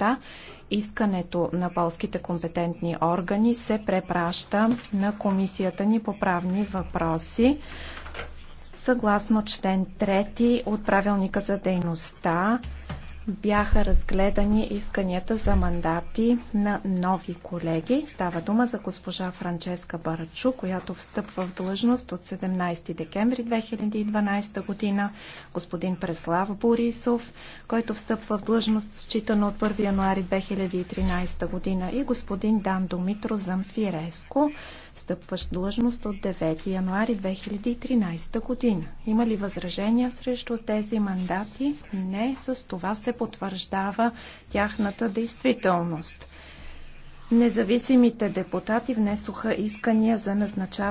общността, искането на полските компетентни органи се препраща на комисията ни по правни въпроси. Съгласно член 3 от правилника за дейността, бяха разгледани исканията за мандати на нови колеги. Става дума за госпожа Франческа Барачу, която встъпва в длъжност от 17 декември 2012 година, господин Преслав Борисов, който встъпва в длъжност считано от 1 януари 2013 година и господин Дан Домитро Замфиреско, встъпващ длъжност от 9 януари 2013 година. Има ли възражения срещу тези мандати? Не, с това се потвърждава тяхната действителност. Независимите депутати внесоха искания за назначаване